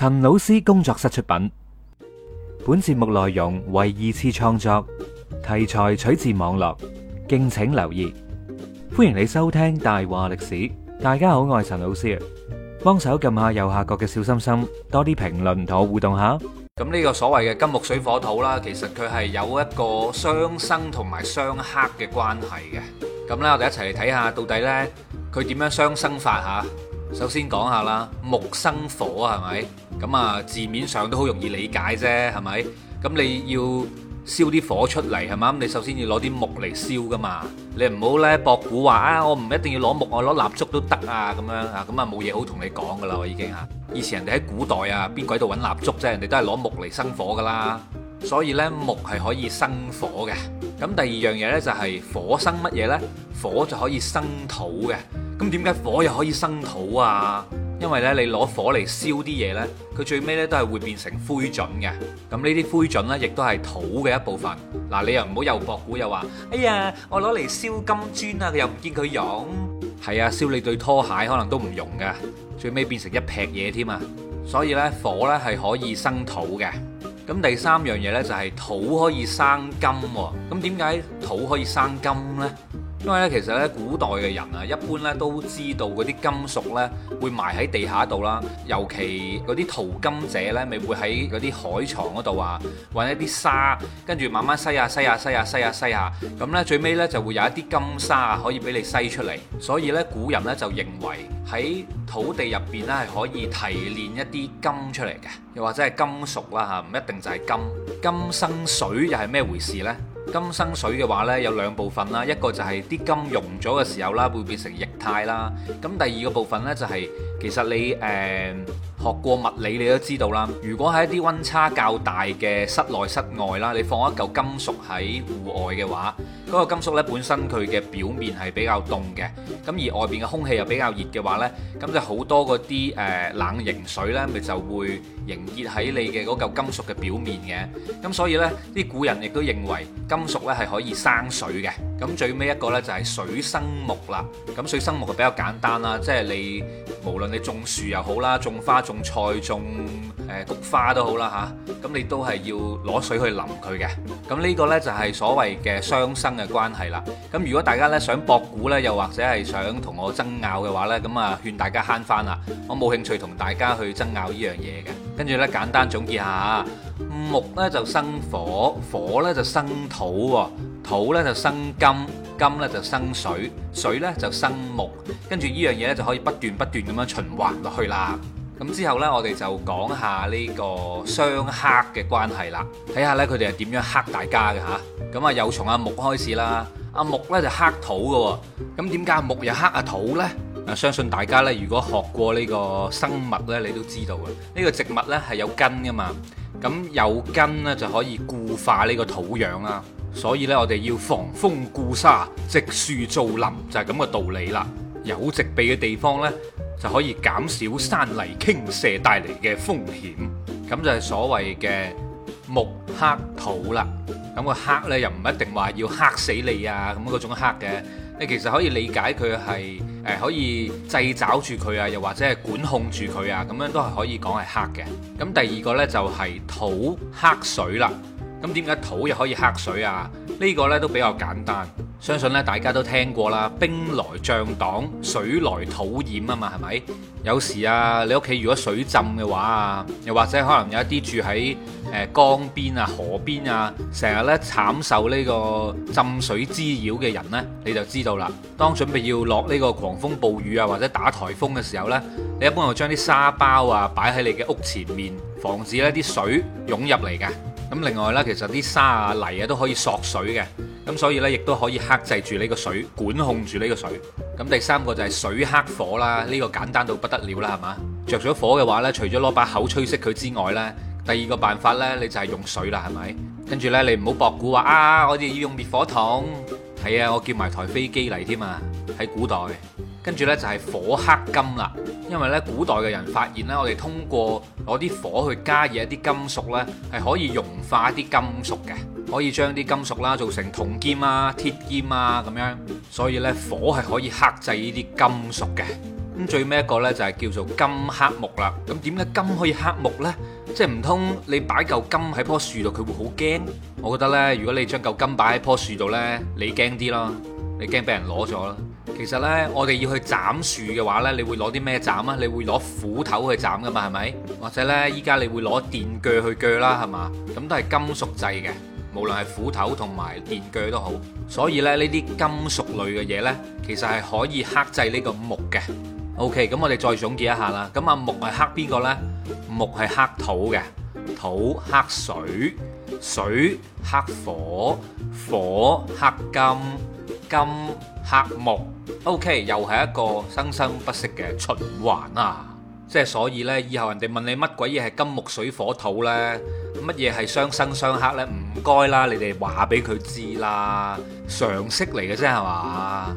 陳老師工作室出品，本節目內容為二次創作，題材取自網絡，敬請留意。歡迎你收聽《大話歷史》，大家好，我係陳老師啊，幫手撳下右下角嘅小心心，多啲評論同我互動下。咁呢個所謂嘅金木水火土啦，其實佢係有一個相生同埋相克嘅關係嘅。咁咧，我哋一齊嚟睇下，到底呢佢點樣相生法吓。首先講下啦，木生火係咪？咁啊，字面上都好容易理解啫，係咪？咁你要燒啲火出嚟係嘛？咁你首先要攞啲木嚟燒噶嘛。 你唔好呢博古話啊，我唔一定要攞木，我攞蠟燭都得啊咁樣啊。咁啊冇嘢好同你講噶啦，我已經啊。以前人哋喺古代啊，邊鬼度揾蠟燭啫？人哋都係攞木嚟生火噶啦。所以呢，木係可以生火嘅。咁第二樣嘢呢，就係火生乜嘢呢？火就可以生土嘅。咁點解火又可以生土啊？因為呢，你攞火嚟燒啲嘢呢，佢最尾呢都係會變成灰燼嘅。咁呢啲灰燼呢，亦都係土嘅一部分。嗱，你又唔好又駁古又話：「哎呀，我攞嚟燒金磚啊，佢又唔見佢溶。」係啊，燒你對拖鞋可能都唔溶㗎，最尾變成一劈嘢添啊！所以呢，火呢係可以生土嘅。咁第三樣嘢呢，就係土可以生金。咁點解土可以生金呢？因為咧，其實咧，古代嘅人啊，一般咧都知道嗰啲金屬咧會埋喺地下度啦。尤其嗰啲淘金者咧，咪會喺嗰啲海床嗰度啊，揾一啲沙，跟住慢慢篩啊篩啊篩啊篩啊篩啊，咁咧最尾呢就會有一啲金沙啊，可以俾你篩出嚟。所以呢，古人呢就認為喺土地入邊咧係可以提煉一啲金出嚟嘅，又或者係金屬啦嚇，唔一定就係金。金生水又係咩回事呢？金生水嘅話呢，有兩部分啦，一個就係啲金溶咗嘅時候啦，會變成液態啦。咁第二個部分呢、就係，就係其實你誒。呃學過物理你都知道啦，如果喺一啲溫差較大嘅室內室外啦，你放一嚿金屬喺戶外嘅話，嗰個金屬呢本身佢嘅表面係比較凍嘅，咁而外邊嘅空氣又比較熱嘅話呢，咁就好多嗰啲誒冷凝水呢，咪就會凝結喺你嘅嗰嚿金屬嘅表面嘅，咁所以呢啲古人亦都認為金屬呢係可以生水嘅，咁最尾一個呢就係水生木啦，咁水生木就比較簡單啦，即係你無論你種樹又好啦，種花種，種菜種誒菊花都好啦嚇，咁、啊、你都係要攞水去淋佢嘅。咁呢個呢，就係、是、所謂嘅相生嘅關係啦。咁如果大家呢，想博古呢，又或者係想同我爭拗嘅話呢，咁啊勸大家慳翻啊！我冇興趣同大家去爭拗呢樣嘢嘅。跟住呢，簡單總結下，木呢，就生火，火呢，就生土，哦，土呢，就生金，金呢，就生水，水呢，就生木，跟住呢樣嘢呢，就可以不斷不斷咁樣循環落去啦。咁之後呢，我哋就講下呢個相克嘅關係啦，睇下呢，佢哋係點樣克大家嘅吓，咁啊，又從阿木開始啦。阿木呢就克土嘅，咁點解木又克阿土呢？啊，相信大家呢，如果學過呢個生物呢，你都知道啦。呢個植物呢係有根嘅嘛，咁有根呢就可以固化呢個土壤啦。所以呢，我哋要防風固沙、植樹造林就係咁嘅道理啦。有植被嘅地方呢，就可以減少山泥傾瀉帶嚟嘅風險。咁就係所謂嘅木克土啦。咁、那個克呢，又唔一定話要克死你啊，咁嗰種克嘅。你其實可以理解佢係誒可以制找住佢啊，又或者係管控住佢啊，咁樣都係可以講係克嘅。咁第二個呢，就係、是、土克水啦。咁點解土又可以克水啊？呢、這個呢都比較簡單。相信咧，大家都聽過啦，兵來將擋，水來土掩啊嘛，係咪？有時啊，你屋企如果水浸嘅話又或者可能有一啲住喺誒江邊啊、河邊啊，成日咧慘受呢個浸水滋擾嘅人呢，你就知道啦。當準備要落呢個狂風暴雨啊，或者打颱風嘅時候呢，你一般會將啲沙包啊擺喺你嘅屋前面，防止咧啲水湧入嚟嘅。咁另外啦，其實啲沙啊、泥啊都可以索水嘅，咁所以呢，亦都可以克制住呢個水，管控住呢個水。咁第三個就係水克火啦，呢、這個簡單到不得了啦，係嘛？着咗火嘅話呢，除咗攞把口吹熄佢之外呢，第二個辦法呢，你就係用水啦，係咪？跟住呢，你唔好博古話啊，我哋要用滅火筒。係啊，我叫埋台飛機嚟添啊，喺古代。跟住呢就係、是、火克金啦，因為呢，古代嘅人發現呢，我哋通過攞啲火去加熱一啲金屬呢係可以融化啲金屬嘅，可以將啲金屬啦做成銅劍啊、鐵劍啊咁樣。所以呢，火係可以克制呢啲金屬嘅。咁最尾一個呢，就係、是、叫做金克木啦。咁點解金可以克木呢？即係唔通你擺嚿金喺樖樹度佢會好驚？我覺得呢，如果你將嚿金擺喺樖樹度呢，你驚啲咯，你驚俾人攞咗啦。其實呢，我哋要去斬樹嘅話呢，你會攞啲咩斬啊？你會攞斧頭去斬㗎嘛？係咪？或者呢，依家你會攞電鋸去鋸啦，係嘛？咁都係金屬製嘅，無論係斧頭同埋電鋸都好。所以咧，呢啲金屬類嘅嘢呢，其實係可以克制呢個木嘅。OK，咁我哋再總結一下啦。咁啊，木係克邊個呢？木係剋土嘅，土剋水，水剋火，火剋金，金剋木。OK，又係一個生生不息嘅循環啊！即係所以呢，以後人哋問你乜鬼嘢係金木水火土呢？乜嘢係相生相剋呢？唔該啦，你哋話俾佢知啦，常識嚟嘅啫，係嘛。